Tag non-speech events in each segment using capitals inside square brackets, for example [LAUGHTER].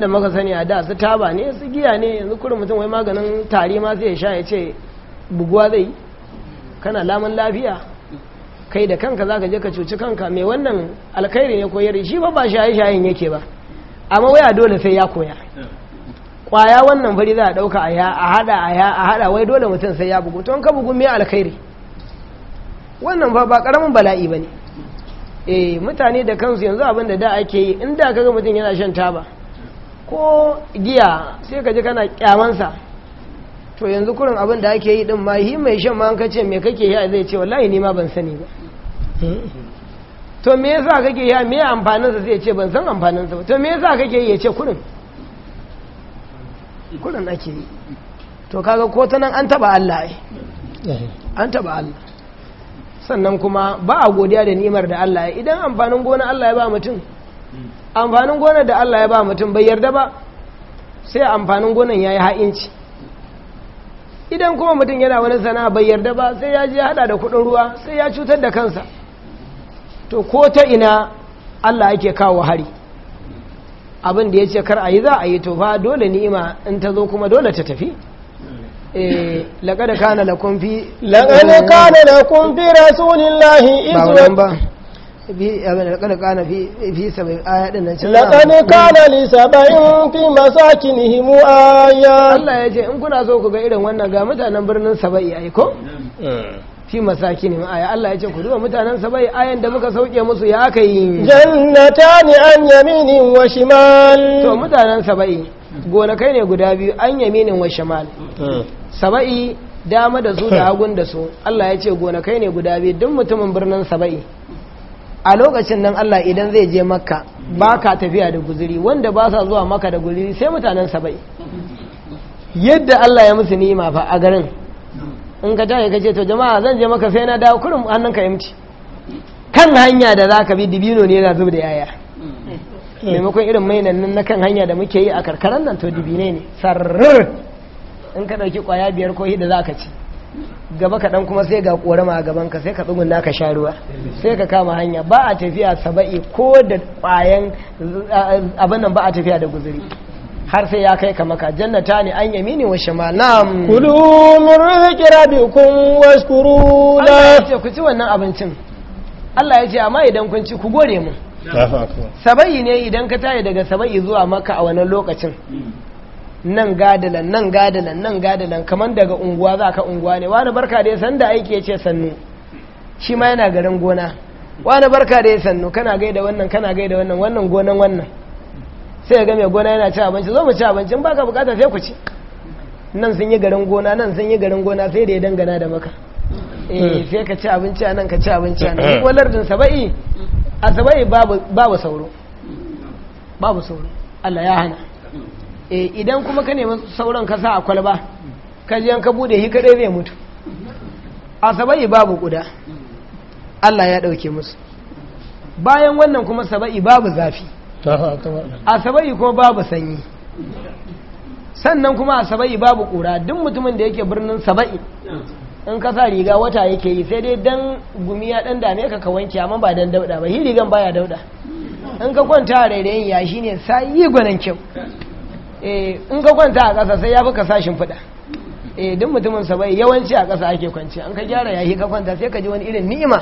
da muka sani a da su taba ne su giya ne yanzu kurin mutum wai maganin tari ma zai sha ya ce buguwa zai kana laman lafiya kai da kanka za ka je ka cuci kanka mai wannan alkhairi ne koyar shi ba ba shaye-shayen yake ba amma waya dole sai ya koya kwaya wannan fari za a ɗauka a ya a hada a ya a hada wai dole mutum sai ya bugu to ka bugu mai alkhairi wannan ba karamin bala'i ba ne eh mutane da kansu yanzu abin da da ake yi in da kaga mutum yana shan taba ko giya sai ka ji kana kyamansa to yanzu kurin abin da ake yi din ma yi mai shan ma an kace me kake yi a zai ce wallahi ni ma ban sani ba hmm? to me yasa kake yi me amfanin sa sai ya ce ban san amfanin sa ba to me yasa kake yi ya ce kurin kurin ake yi to kaga ko ta nan an taba Allah ai an taba Allah sannan kuma ba a godiya da ni'imar da Allah idan amfanin gona Allah ya ba mutum amfanin gonar da Allah ya ba mutum bai yarda ba sai amfanin gonar ya yi ha'inci idan kuma mutum yana wani sana'a bai yarda ba sai ya je hada da kudin ruwa sai ya cutar da kansa to ko ta ina Allah yake kawo hari abin da ya ce kar a yi za a yi to fa dole ni'ima in ta zo kuma dole ta tafi eh, laƙada kana lakon fi rasulillahi لقد كان في في سبع آيات لقد كان لسبع في مساكنهم آية الله يجي إن كنا زوكو غير وانا قامت أنا برنا سبع آيكم fi masakin aya Allah ya ce ku duba mutanen sabai ayan da muka sauke musu ya aka yi jannatani an yaminin wa shimal to mutanen sabai gona kai ne guda biyu an yaminin wa shimal sabai dama da su da hagun da su Allah ya ce gona kai ne guda biyu duk mutumin birnin sabai a lokacin nan Allah idan zai je maka ba ka tafiya da guziri wanda ba sa zuwa maka da guziri sai mutanen sabai yadda Allah ya musu ni'ima fa a garin in ka tashi ka ce to jama'a zan je maka sai na dawo kurum hannun ka yamci kan hanya da za ka bi dibino ne yana zub da yaya maimakon irin mainan nan na kan hanya da muke yi a karkaran nan to dibine ne sarrar in ka ɗauki kwaya biyar ko da za ka ci gaba kaɗan kuma sai ga ƙorama a gabanka sai ka tsugunna ka sha ruwa sai ka kama hanya ba a tafiya saba'i ko da ƙwayan abin nan ba a tafiya da guzuri har sai ya kai ka maka jannata ne an yamini wa shimal Kudu kulu min rizqi wasu washkuru la ya ku ci wannan abincin Allah ya ce amma idan kun ci ku gore mu saba'i ne idan ka tayi daga saba'i zuwa Makka a wannan lokacin nan gadalan nan gadalan nan gadalan kamar daga unguwa za ka unguwa ne wani barka da ya san da aiki ya ce sannu shi ma yana garin gona wani barka da ya sannu kana da wannan kana da wannan wannan gonan wannan sai ga game gona yana ci abinci zo mu ci abinci in baka bukata sai ku ci nan sun yi garin gona nan sun yi garin gona sai da ya dangana da maka eh hmm. sai ka ci abinci a nan ka ci abinci a nan hmm. walar din saba'i a saba'i babu sauro babu sauro Allah ya hana Eh, idan kuma ka nemi sauran ka sa a kwalba ka ji ka bude shi kadai zai mutu asabai babu kuda Allah ya dauke musu bayan wannan kuma saba'i babu zafi asabai kuma babu sanyi sannan kuma asabai babu kura duk mutumin da yake birnin saba'i in ka sa riga wata yake yi sai dai dan gumi ya dan dame ka ka wanke amma ba dan dauda ba hi rigan baya dauda in ka kwanta a rairayin yashi ne sai yi gwanan kyau Eh, in ka kwanta a ƙasa sai ya fi ka sashin fuda eh, duk mutumin sa bai yawanci a ƙasa ake kwanci an ka gyara yi ka kwanta sai ka ji wani irin ni'ima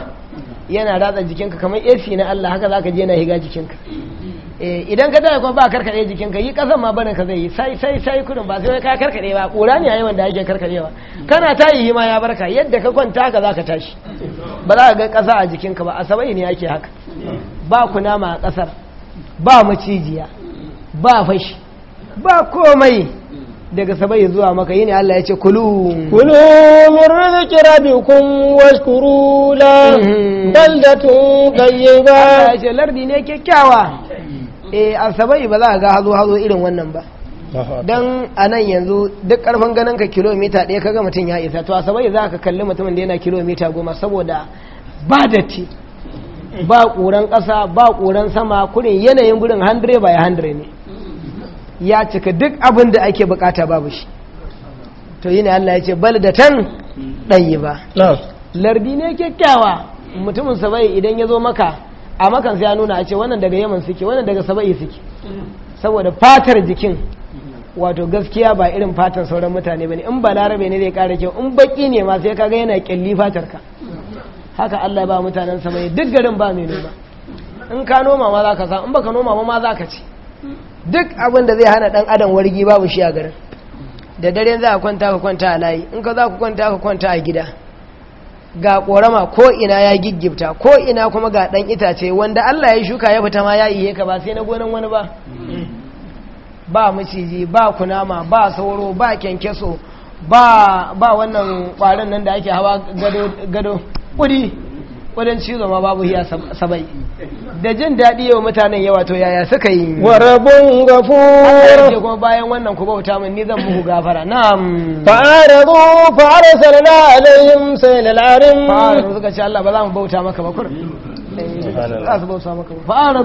yana ratsa jikinka kamar AC na Allah haka ka je yana higa jikinka eh, idan ka daga kuma ba karkade jikinka yi ƙasan ma barin ka zai yi sai sai sai kudin ba sai ka karkaɗe ba ƙura ne a yi wanda ake ba. kana ta yi ma ya barka yadda ka kwanta haka ka tashi ba za ka ga ƙasa a jikinka ba asabai ne ake haka ba kunama a ƙasar ba macijiya ba fashi ba komai daga sabai zuwa maka yini Allah ya ce kulu kulu min rizqi rabbikum washkuru la mhm. baldatun tayyiba ba ya ce lardi ne kyakkyawa eh asabai ba za ga hazo hazo irin wannan ba Don a nan yanzu duk karfin ganin ka kilomita ɗaya kaga mutum ya isa to a asabai za ka kalli mutumin da yana kilomita goma saboda ba da ti. ba ƙuran ƙasa ba ƙuran sama kurin yanayin wurin 100 by 100 ne ya cika duk abin da ake bukata babu shi to yi ne Allah ya ce tan ɗanyi ba lardi ne kyakkyawa mutumin saba'i idan ya zo maka a makan sai ya nuna a ce wannan daga yaman suke wannan daga saba'i suke saboda fatar jikin wato gaskiya ba irin fatan sauran mutane ba ne in ba larabe ne zai kare kyau in baki ne ma sai kaga yana kyalli fatar ka haka Allah ba mutanen saba'i duk garin ba mai noma in ka noma ma za ka sa in baka noma ma za ka ci duk abin da zai hana dan adam wargi babu shi a garin da dare za a kwanta ka kwanta a layi in ka za ku kwanta ka kwanta a gida ga korama ko ina ya giggibta ko ina kuma ga dan itace wanda Allah ya shuka ya fita ma ya iye ka ba sai na gonan wani ba ba maciji ba kunama ba sauro ba kyankyaso ba wannan kwarin nan da ake hawa gado gado kudi kudin cizo ma babu ya saba'i da jin daɗi yau mutanen yawa to yaya suka yi wa an gafur kuma bayan wannan ku bauta min ni zan muku gafara na'am fa'ara fa'arsalna alaihim sai lalarin fa'ara suka ce Allah ba za mu bauta maka ba kur eh, za su bauta maka ba fa'ara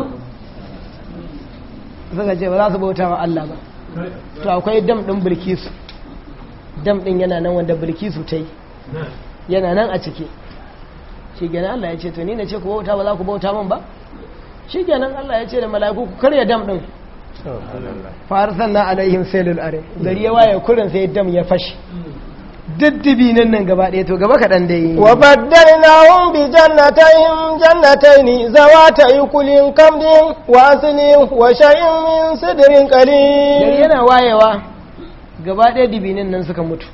suka ce ba za su bauta ma Allah ba to akwai dam din bilkisu dam din yana nan wanda bilkisu ta yi yana nan a ciki shi gina Allah ya ce to ni na ce ku bauta ba za ku bauta min ba shi gina Allah ya ce da mala'iku ku karya dam din farisan na alaihim sailul are gari ya waye kurin sai dam ya fashi diddibi nan nan gaba ɗaya to gaba kaɗan dai wa baddalnahum bi zawa ta yi kulin kamdin wa aslin wa sha'in min sidirin qalil gari yana wayewa gaba ɗaya dibinin nan suka mutu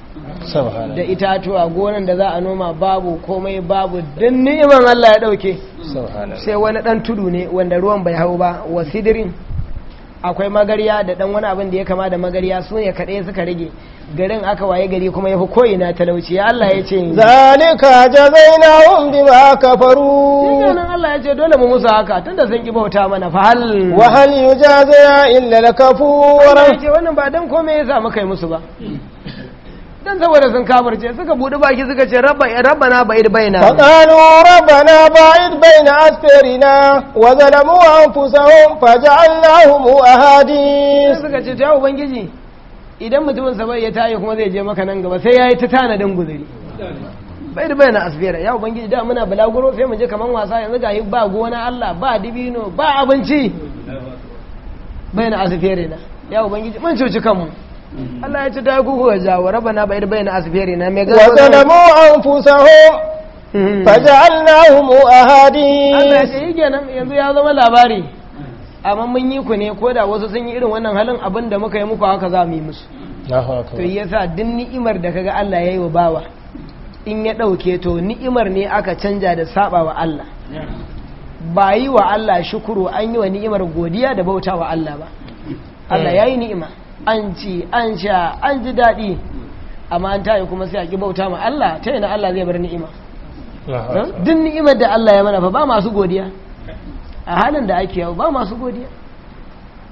da itatuwa gonan da za a noma babu komai babu din ni'iman Allah ya ɗauke. sai wani dan tudu ne wanda ruwan bai hau ba wa sidirin akwai magarya da ɗan wani abin da ya kama da magarya su ne kaɗai suka rage garin aka waye gari kuma ya fi ko'ina talauci ya Allah ya ce zalika jazainahum bima kafaru dinan Allah ya ce dole mu musu haka tunda sun ki bauta mana fa hal wa hal yujaza illa al wannan ba dan komai ya samu kai musu ba dan saboda sun ce suka budi baki suka ce rabba na ba'id baina faqalu na ba'id baina asfarina wa zalamu anfusahum faj'alnahum ahadith suka ce ya ubangiji idan mutumin sa bai ya tayi kuma zai je maka nan gaba sai yayi ta tanadin guzuri ba'id baina asfara ya ubangiji da muna balaguro sai mu je kaman wasa yanzu ga ba gona Allah ba dibino ba abinci baina asfarina ya ubangiji mun cuci kanmu Allah ya ci ta gugu wa jawo rabana bai bai na asfiri na mai wata da mu an fusa ho hmm. faja'alnahum ahadi Allah ya ce kenan yanzu ya zama labari amma mun yi ku ne ko da wasu sun yi irin wannan halin abin da muka yi muku haka za mu yi musu to sa duk ni'imar da kaga Allah ya yi wa bawa in ya ɗauke to ni'imar ne aka canja da saba wa Allah ba yi wa Allah shukuru an yi wa ni'imar godiya da bauta wa Allah ba Allah ya yi ni'ima an ci an sha an ji daɗi amma an tayi kuma sai a ƙi bauta ma Allah ta na Allah zai bar ni'ima duk ni'imar da Allah ya mana fa ba masu godiya a halin da ake yau ba masu godiya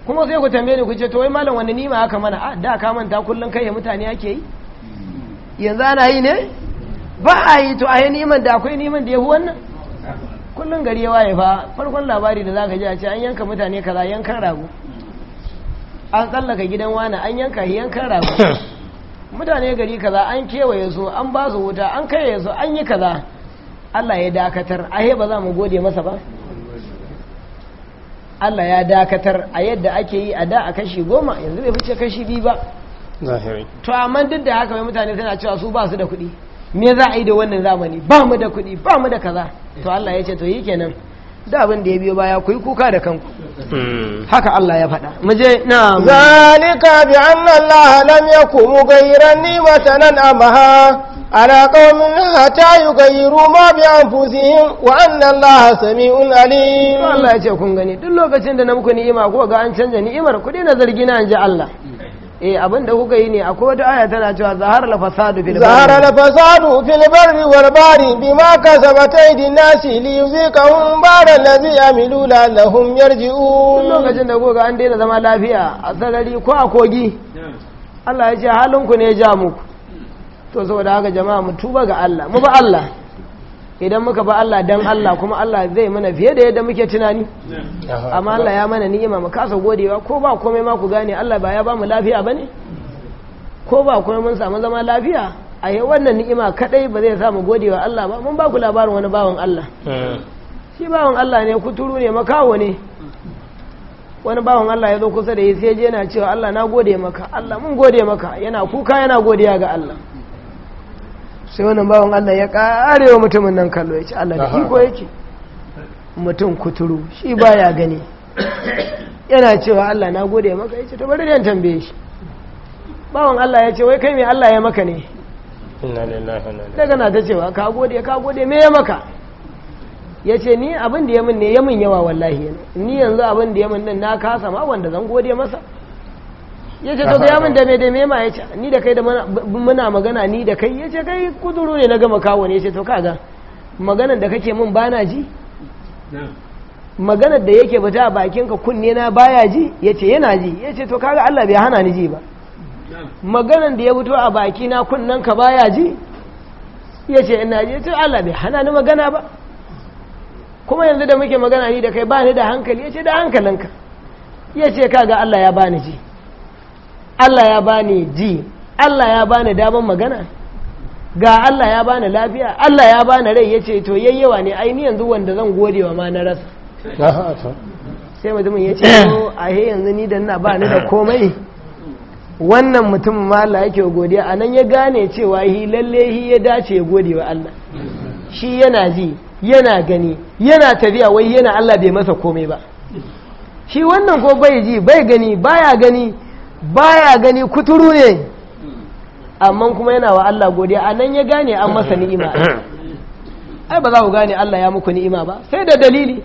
kuma sai ku tambaye ni ku ce to wai malam wani ni'ima aka mana a da ka manta kullun kai mutane ake yi yanzu ana yi ne ba a yi to a yi ni'imar da akwai ni'imar da ya fi wannan kullun gari ya waye fa farkon labari da za ka ji a ce an yanka mutane kaza yankan rago an tsallaka gidan wani an yanka yankan rago [COUGHS] mutane gari kaza an kewaye su an ba su wuta an kaiye su an yi kaza Allah ya dakatar ahe ba za mu gode masa ba Allah ya dakatar a yadda ake yi a da a kashi goma yanzu bai fice kashi biyu ba to amma duk da haka mai mutane suna cewa su ba su da kuɗi me za a yi da wannan zamani ba mu da kuɗi ba mu da kaza to Allah ya ce to yi kenan da abin da ya biyo baya ku yi kuka da kanku Hmm. haka Allah ya faɗa muje na zalika bi anna Allah lam yakum ghayran nimatan amaha ala qaumin hatta yughayyiru ma bi anfusihim wa anna Allah sami'un alim Allah ya ce kun gani duk lokacin da na muku ni'ima ko ga an canja ni'imar ku na zargi na ji Allah eh abin da kuka yi ne a wata aya tana cewa zahar la fasadu fil zahar la fasadu fil barri wal bahri bima kasabat aydin nasi li yuzikahum bar allazi amilu la'allahum yarji'un lokacin da goga an daina zama lafiya a sarari ko a kogi Allah ya ce halinku ne ya ja muku to saboda haka jama'a mu tuba ga Allah mu ba Allah idan muka ba Allah dan Allah kuma Allah zai mana fiye da yadda muke tunani amma Allah ya mana ni'ima mu kasa godewa ko ba komai ma ku gane Allah ba ya ba mu lafiya bane ko ba komai mun samu zama lafiya a yau wannan ni'ima kadai ba zai sa mu godewa Allah ba mun ba ku labarin wani bawan Allah shi bawan Allah ne turu ne makawo ne wani bawan Allah ya zo kusa da yi sai je yana cewa Allah na gode maka Allah mun gode maka yana kuka yana godiya ga Allah sai wannan bawon Allah ya kare wa mutumin nan kallo ya ce Allah da iko yake mutum kuturu shi ba ya gani yana cewa Allah na gode maka ya ce to bari da tambaye shi bawon Allah ya ce wai kai mai Allah ya maka ne daga na ta cewa ka gode ka gode me ya maka ya ce ni abin da ya min ne ya min yawa wallahi ni yanzu abin da ya min din na kasa ma wanda zan gode masa ya ce to gaya da mai dame ma ya ce ni da kai da muna magana ni da kai ya ce kai kuduru ne na gama kawo ne ya ce to kaga maganar da kake min bana ji maganar da yake bata a bakin ka kunne na baya ji ya ce yana ji ya ce to kaga Allah bai hana ni ji ba maganar da ya fito a baki na kunnen ka baya ji ya ce ina ji ya ce Allah bai hana ni magana ba kuma yanzu da muke magana ni da kai ba ni da hankali ya ce da hankalinka ya ce kaga Allah ya bani ji Allah ya bani ji Allah ya bani daman magana ga Allah ya bani lafiya Allah ya bani rai ya ce to yayyawa ne ai yanzu wanda zan gode wa ma na rasa sai mutumin ya ce to a he yanzu ni da ina ba ni da komai wannan mutumin ma Allah yake godiya a nan ya gane cewa hi lalle hi ya dace ya gode wa Allah shi yana ji yana gani yana tafiya wai yana Allah bai masa komai ba shi wannan ko bai ji bai gani baya gani baya gani kuturu ne amma kuma yana wa Allah godiya a nan ya gane an masa ni'ima ai ba za ku gane Allah ya muku ni'ima ba sai da dalili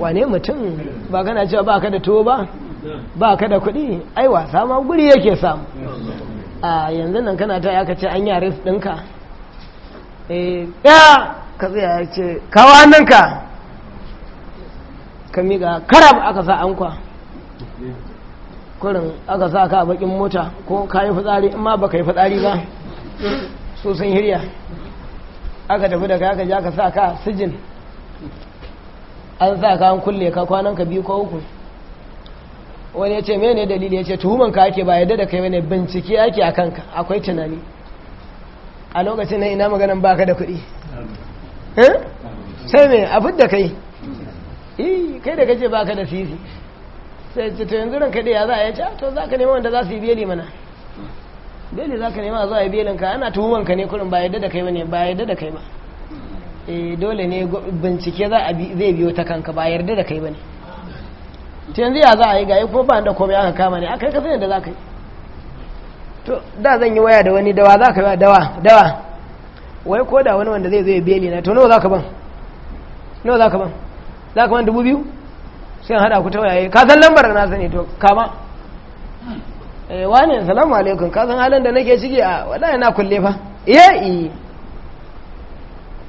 wane mutum ba gana cewa ba ka da tuwo ba ba ka da kuɗi ai wasa ma guri yake samu a yanzu nan kana ta aka ce an yare ɗinka eh, ya ka zai ya ce kawo hannunka ka miƙa karab aka sa ankwa kurin aka sa ka a bakin mota ko ka yi fitsari in ma ba ka yi fitsari ba so sun hirya aka tafi da kaka ja ka sa ka sijin an sa ka an kulle ka kwanan ka biyu ko uku wani ya ce mene dalili ya ce tuhuman ka ake ba yadda da kai wani bincike ake a kanka akwai tunani a lokacin na ina maganan baka da kuɗi eh? sai mai abin da kai kai da kake baka da sisi sai ce to yanzu ranka da ya za a yi ca ah, to za ka nema wanda za su yi beli mana beli za ka nema za a yi belin ka ana tuhuman ka ne kurin ba yadda da kai ba ne ba yadda da kai ba e dole ne bincike za a zai biyo ta kanka ba yarda da kai ba ne ta yanzu ya za a yi gaye ko ba da komai aka kama ne aka ka sani yadda za ka yi to da zan yi waya da wani dawa za ka yi dawa dawa wai ko da wani wanda zai zo beli na to nawa za ka ban nawa za ka ban za ka ban dubu biyu sai hada ku tawaye ka san lambar na sani to kama eh wani assalamu alaikum ka san halin da nake ciki a ah, wallahi na kulle fa eh eh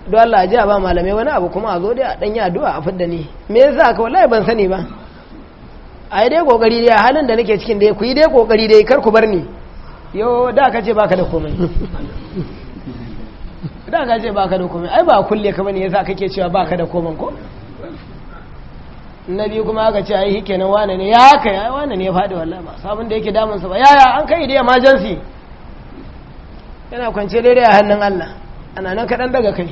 don Allah a ji ba malamai wani abu kuma a zo dai a danyi addu'a a fidda ni me yasa ka wallahi ban sani ba a yi dai kokari dai halin da nake cikin dai ku yi dai kokari dai kar ku bar ni yo da ka ce baka da komai [LAUGHS] da ka ce baka da komai ai ba kulle ka bane yasa kake cewa baka da komai ko na biyu kuma aka ce ai hike nan wane ne ya haka ya wane ne ya faɗi wallahi ba sabon da yake damun sa ba ya ya an kai da emergency yana kwance daidai a hannun Allah ana nan kaɗan daga kai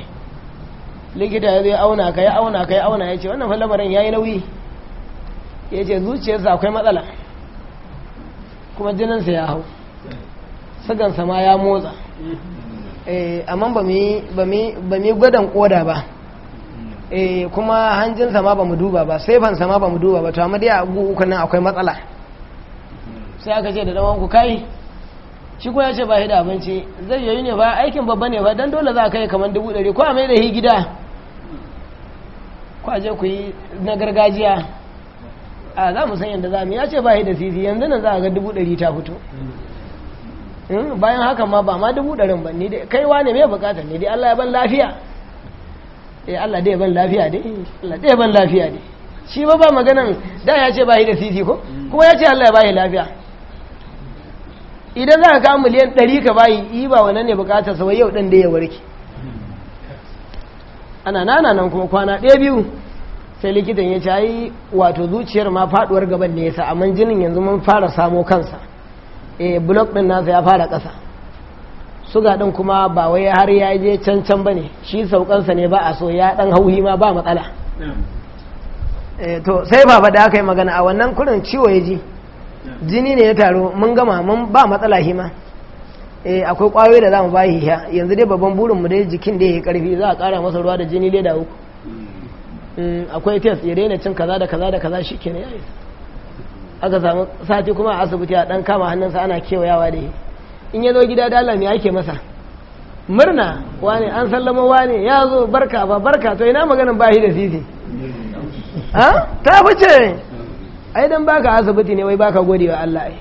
likita ya zai auna ka ya auna ka ya auna ya ce wannan fa lamarin yayi nauyi ya ce zuciyarsa akwai matsala kuma jininsa ya hau sa ma ya motsa eh, amma ba gwadan mi gwadan koda ba Eh, kuma hanjinsa ma ba mu duba ba ban sama ba mu duba ba to amma dai a abu uku nan akwai matsala sai aka ce da dan ku kai shi ko ya ce ba shi da abinci zai yi ne ba aikin babba ne ba dan dole za ka yi kamar dubu ɗari ko a mai da hi gida ko a je ku yi na gargajiya a za mu san yadda za mu ya ce ba shi da sisi yanzu nan za a ga dubu ɗari ta fito hmm, bayan haka ma ba ma dubu ɗarin ba ni dai kaiwa ne mai bukatar ne dai Allah ya ban lafiya eh Allah dai ban lafiya dai Allah dai ban lafiya dai shi ba ba maganan da ya ce ba shi da sisi ko kuma ya ce Allah ya ba shi lafiya idan za ka kawo miliyan 100 ka bayi yi ba wannan ne bukatar sa wai yau dan da ya warke ana nana nan kuma kwana ɗaya biyu sai likitan ya cayi wato zuciyar ma faduwar gaban ne yasa amma jinin yanzu mun fara samo kansa eh block din nasa ya fara ƙasa suga ɗin kuma ba wai har ya je cancan can ba ne shi saukansa ne ba a so ya ɗan hauhi ma ba matsala eh, to sai ba da aka yi magana a wannan kurin ciwo ya ji jini ne ya taro mun gama mun ba matsala hima eh, akwai kwayoyi da za mu bayi ya yanzu dai babban burin mu dai jikin da ya karfi za a kara masa ruwa da jini da uku mm, akwai test ya daina cin kaza da kaza da kaza shi kenan aka samu sati kuma a asibiti a dan kama hannunsa ana kewayawa da yi in ya gida da Allah me ake masa murna wane an sallama wane ya zo barka ba barka to ina maganin bashi da sisi ha ta fice ai dan baka asibiti ne wai baka gode wa Allah ai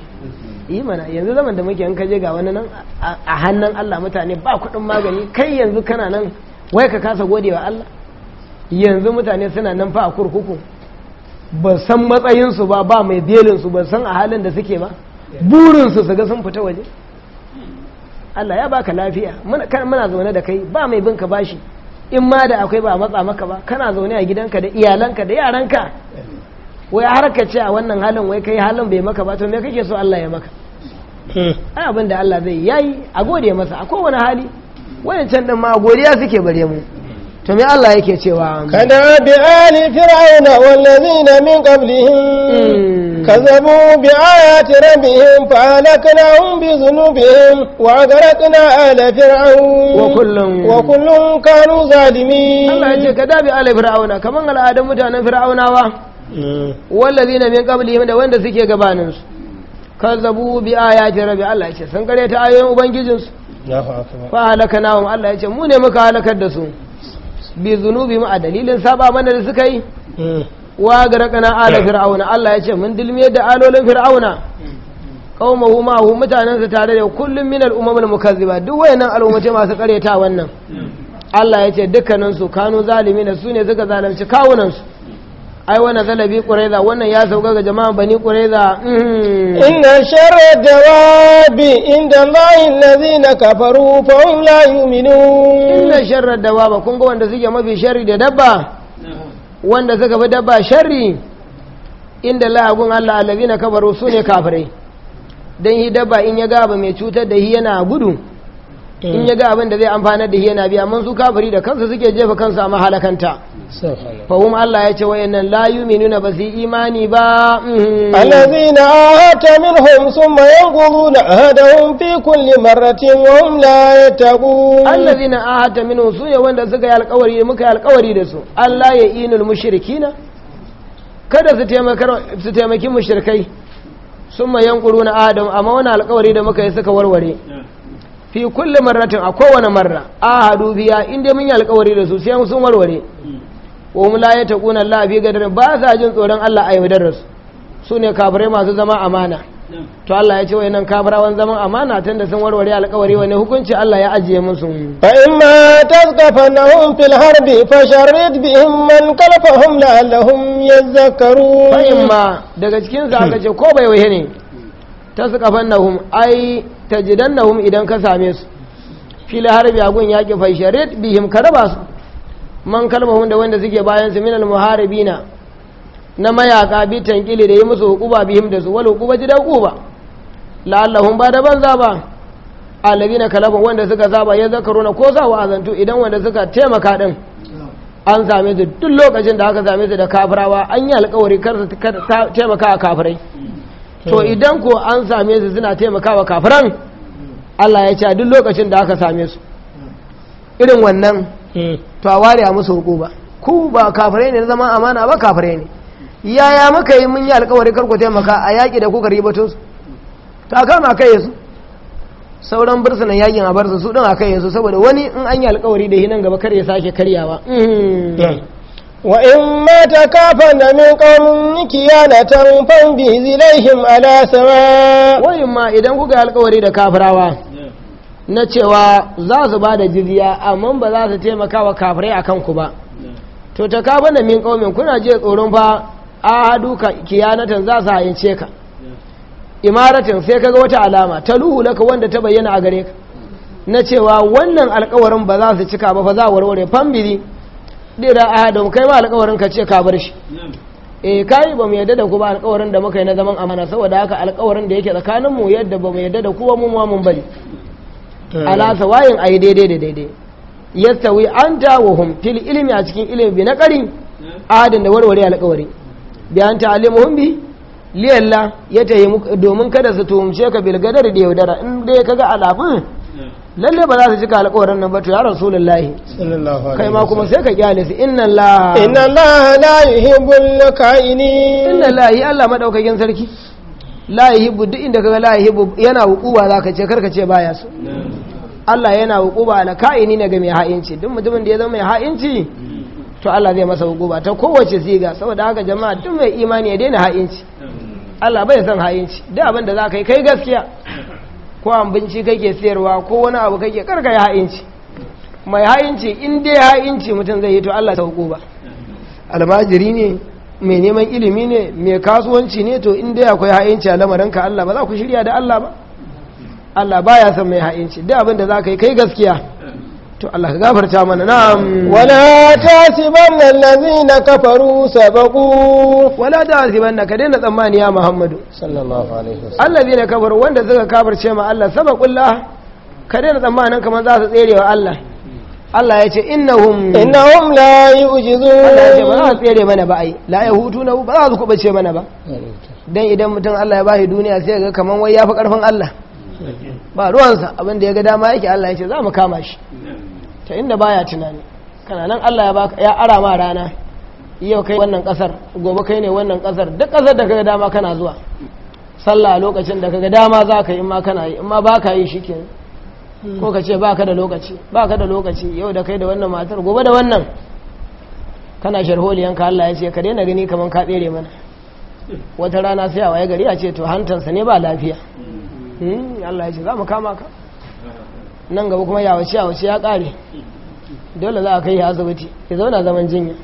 yi mana yanzu zaman da muke an kaje ga wani nan a hannun Allah mutane ba kuɗin magani kai yanzu kana nan wai ka kasa gode wa Allah yanzu mutane suna nan fa a kurkuku ba san matsayinsu ba ba mai belinsu ba san a halin da suke ba burinsu su ga sun fita waje Allah ya baka lafiya muna zaune da kai ba mai binka bashi in ma da akwai ba matsa maka ba kana zaune a gidanka da iyalanka da yaranka wai har ka ce a wannan halin wai kai halin bai maka ba to me kake so Allah ya maka hmm. ai abin da Allah zai yayi a gode masa a kowane hali can din ma godiya suke bare mu to me Allah yake cewa kana bi ali fir'auna ladina min qablihim hmm. كذبوا بآيات ربهم فأهلكناهم بذنوبهم وأغرقنا آل فرعون وكل وكل كانوا ظالمين الله يجي كذاب آل فرعون كمان الآدم متانا فرعون والذين من قبلهم ده وين suke gabanin su kazzabu bi ayati rabbi Allah ya sun kare ta ayoyin ubangijin su fa Allah ya mu ne muka halakar da su bi mu a dalilin saba mana da suka yi wa garaqana ala fir'auna Allah ya ce mun dilmiye da alolin fir'auna qaumahu ma hu mutanansa tare da kullum min al-umam al-mukazziba duk wayannan al'ummace masu kareta wannan Allah ya ce dukkanin su kanu zalimin su ne suka zalunci kawunan su ai wannan zalabi quraiza wannan ya sauka ga jama'an bani quraiza hmm. inna sharra dawabi inda allahi allazina kafaru fa hum la yu'minun inna sharra dawaba kun ga wanda suke mafi sharri da dabba wanda suka fi dabba sharri inda lagun Allah allazi na kabaru su ne kafirai don yi dabba in ya gaba mai cutar da yi yana gudu in eh. ya ga abin da zai amfanar da shi yana biya mun su kafiri da kansu suke jefa kansu a mahalakanta fahim Allah ya ce wayannan la nuna ba su imani ba mm-hmm. allazina ahata guru na yanquduna ahadahum fi kulli marratin wa hum la a hata ahata minhum sun ne wanda suka yi alƙawari muka yi alƙawari da su Allah ya inul na. kada su taimaki su sun mayan guru na ahadahum amma wani alƙawari da muka yi suka warware fi kulli marratin a kowane marra hadu biya inda mun yi alkawari da su sai sun warware wa hum la yataquna Allah fi gadar ba sa jin tsoron Allah a yaudar su su ne kafirai masu zama amana to Allah ya ce wa nan wan zaman amana tun da sun warware alkawari wani hukunci Allah ya ajiye musu fa imma tazqafanahum fil harbi fasharrid bihim man kalafahum la'allahum yadhakkarun fa imma daga cikin sa aka ce ko bai waye ne ta su kafannahum ai tajidannahum idan ka same su fili harbi agun yaki faisharit bihim ka raba su man kalmahum da wanda suke bayan su minal muharibina na mayaka bi tankili da yi musu hukuba bihim da su wal hukuba ji da hukuba la'allahum ba da banza ba alladina kalabun wanda suka saba ya zakaruna ko sa wa'azantu idan wanda suka taimaka din an same su duk lokacin da aka same su da kafirawa an yi alkawari kar su taimaka a kafirai to idan ko an same su suna taimakawa kafiran Allah ya ce duk lokacin da aka same su irin wannan eh. to a ware a musu hukuma ku ba kafirai ne na zama amana ba kafirai ne yaya muka yi mun yi alkawari ku taimaka a yaƙi da kuka ribatun su ta kama kai su sauran bursunan yakin a bar su su din a kai su saboda wani in an yi alkawari da hinan gaba kar ya sake karyawa eh. وإما تكافن من قوم كيانة فانبهز إليهم على سواء وإما إذا كوكا القوري da كافراوا na cewa za su ba da jizya amma ba za su taimaka wa kafirai a kanku ba to ta kafa da min ƙaunin kuna je tsoron fa a hadu kiyanatan za su hayance ka imaratin sai kaga wata alama ta luhu laka wanda ta bayyana a gare ka na cewa wannan alkawarin ba za su cika ba fa za warware fambiri dira ah, da kai ma alƙawarin ka ce ka bar shi eh kai ba mu yadda da ku ba alƙawarin da muka yi na zaman amana saboda haka alƙawarin da yake tsakanin mu yadda ba mu yadda da ku ba mu ma mun bari eh. ala sawayin ayi daidai da daidai yastawi anta wa hum til ilmi a cikin ilmi na ƙari ahadin da warware alƙawari bi an alimuhum bi liyalla ya yi domin kada su tuhumce ka bil gadar da yaudara in dai kaga alafin lalle ba za su cika alƙawarin nan ba to ya rasulullahi kai ma kuma sai ka kyale su inna Allah inna Allah la yuhibbul kaini inna Allah Allah madaukakin sarki la yuhibbu duk inda kaga la yuhibbu yana hukuba zaka ce karka ce baya su. Allah yana hukuba ala kaini ne ga mai ha'inci duk mutumin da ya zama mai ha'inci to Allah zai masa hukuba ta kowace siga saboda haka jama'a duk mai imani ya daina ha'inci Allah bai san ha'inci duk abin da zaka yi kai gaskiya ko abinci kake siyarwa ko wani abu kake karka ya ha'inci mai ha'inci in dai ha'inci mutum zai yi to Allah ta ba almajiri ne mai neman ilimi ne mai kasuwanci ne to in dai akwai ha'inci a lamarinka Allah ba za ku shirya da Allah ba Allah baya san mai ha'inci duk abin da za ka yi kai gaskiya to Allah ka gafarta mana na'am wala tasibanna allazina kafaru sabaqu wala tasibanna ka daina tsammani ya Muhammadu sallallahu alaihi wasallam allazina kafaru wanda suka kafarce ma Allah sabaqullah ka daina tsammanin kaman za su tsere wa Allah Allah ya ce innahum innahum la yu'jizu Allah ya ba za su tsere mana ba ai la na ba za su kubace mana ba dan idan mutum Allah ya bashi duniya sai ga kaman wai yafi karfin Allah ba ruwansa abinda ya ga dama yake Allah ya ce za mu kama shi ta inda ba ya tunani kana nan Allah ya baka ya ara ma rana yau kai wannan kasar gobe kai ne wannan kasar duk kasar da kaga dama kana zuwa sallah lokacin da kaga dama za ka yi in ma kana yi shi ke yi ko ka ce ba da da lokaci yau da kai da wannan matar gobe da wannan kana sharholiyan ka Allah ya ce ka daina gani kamar ka tsere mana wata rana sai a waye gari a ce to hantansa ne ba lafiya Eh, Allah ya ce za mu kama ka nan gaba kuma yawace yawace ya kare dole za a kai ya asibiti ya zauna zaman jinya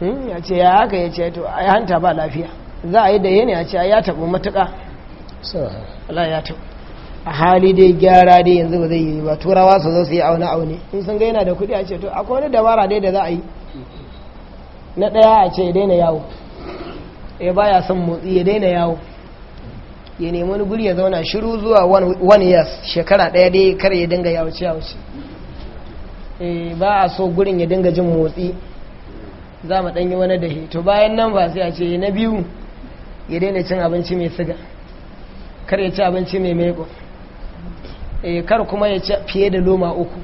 hmm, ya ce ya haka ya ce to a hanta ba lafiya za a yi da yini a ce ya taɓa matuka. Allah ya taɓa a hali dai gyara dai yanzu ba zai yi ba turawa su zo su yi aune aune in sun ga yana da kuɗi a ce to akwai wani dabara dai da za a yi na ɗaya a ce ya daina yawo eh, ya baya son motsi ya daina yawo ya nemi wani guri ya zauna shiru zuwa one years shekara daya dai kar ya dinga yawuce yawuce eh, ba a so gurin ya dinga jin motsi za mu danyi wani he to bayan nan ba sai a ce na biyu ya daina cin abinci mai siga kar ya ci abinci mai maiko eh, kar kuma ya ci fiye da loma uku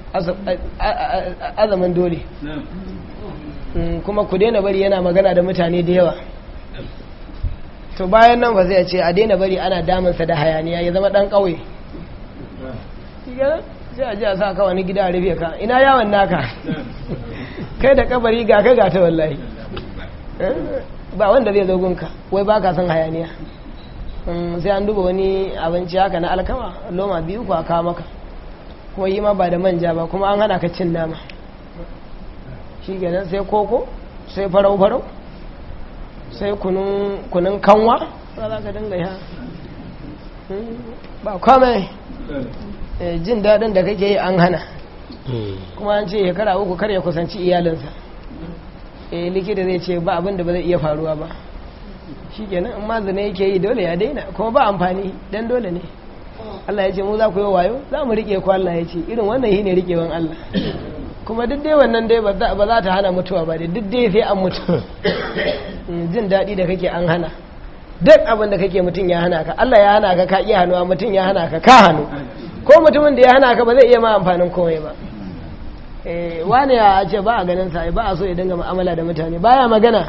azamin dole mm, kuma ku daina bari yana magana da mutane da yawa to bayan nan ba zai ce a daina bari ana damansa da hayaniya ya zama dan kauye sai ji a sa ka wani gida a rufe ka ina yawon naka kai da kabari ga gata wallahi eh, ba wanda zai zo gunka wai ba ka san hayaniya hmm, sai an duba wani abinci haka na alkama loma biyu kwa kawo maka kuma yi ma ba da manja ba kuma an hana ka cin nama shi kenan sai koko sai farau-farau sai kunun kanwa ba za ka dinga ya hmm, ba kwamai eh, jin daɗin da kake yi an hana hmm. kuma an ce shekara uku kar ya kusanci iyalinsa e likita zai ce ba abin da ba zai iya faruwa ba shi kenan in amma zane yake yi dole ya daina kuma ba amfani don dole ne Allah ya ce mu za ku yi wayo za mu riƙe ku Allah ya ce irin wannan shi ne riƙewan Allah kuma duk dai wannan dai ba za ta hana mutuwa ba dai duk dai sai an mutu [COUGHS] eh, jin daɗi da kake an hana duk abin da kake mutum ya hana ka Allah ya hana ka ka iya hannuwa mutum ya hana ka ka hannu ko mutumin da ya hana ka ba zai iya ma amfanin komai ba eh, wani ya ce ba a ganin sa ba a so ya dinga ma'amala da mutane baya magana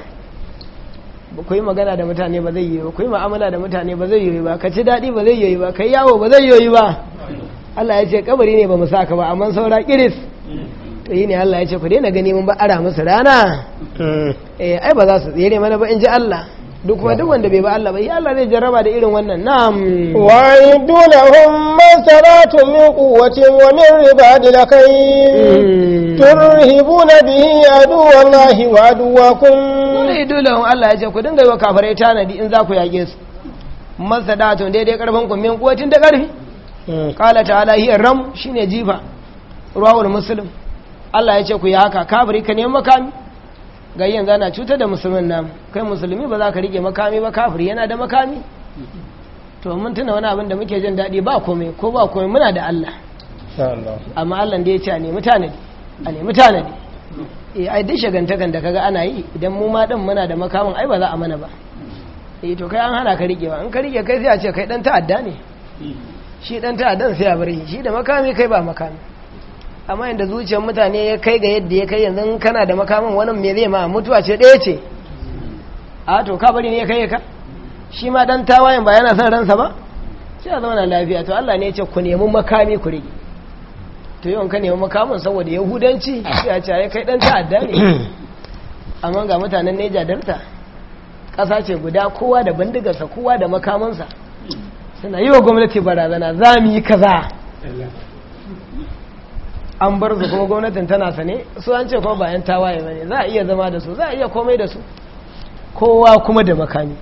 ku yi magana da mutane ba zai yi ba ku yi ma'amala da mutane ba zai yi ba ka ci daɗi ba zai yi ba ka yi yawo ba zai yi ba Allah ya ce kabari ne ba mu saka ba amma saura kiris to yi ne Allah ya ce ku daina gani mun ba ara musu rana eh. eh ai ba za su tsere mana ba in ji Allah duk kuma duk wanda bai ba Allah ba ya Allah zai jarraba da irin wannan na'am wa idulahum masaratu min quwwatin wa min ribadil khayr hmm. turhibuna bihi aduwallahi wa aduwakum idulahum Allah ya ce ku dinga yi wa kafirai tanadi in za ku yage su masaratu daidai karfin ku min quwwatin da karfi hmm. qala ta'ala hiya ram shine jifa ruwahul muslim Allah ya ce ku yi haka kafiri ka nemi makami ga yanzu ana cutar da musulmin nan kai musulmi ba za ka rike makami ba kafiri yana da makami to mun tuna wani abin da muke jin daɗi ba komai ko ba komai muna da Allah amma Allah da ya ce a nemi tanadi a nemi tanadi eh ai duk shagantakan da kaga ana yi idan mu ma din muna da makamin ai ba za a mana ba eh to kai an hana ka rike ba in ka rike kai sai a ce kai dan ta'adda ne shi dan ta'addan sai a bari shi da makami kai ba makami amma yadda zuciyar mutane ya kai ga yadda ya kai yanzu kana da makamin wani me zai ma mutuwa ce ɗaya ce a to ka bari ne ya kai ka shi ma dan tawayen ba yana son ransa ba shi a zauna lafiya to Allah ne ya ce ku nemi makami ku rigi to yi ka nemi makamin saboda yahudanci a ce ya kai dan ta'adda ne amma ga mutanen Neja darta kasa ce guda kowa da bindigarsa kowa da makamansa suna yi wa gwamnati barazana za mu yi kaza an bar su kuma gwamnatin tana sane su an ce kuma bayan tawaye bane za a iya zama da su za a iya komai da su kowa kuma da makami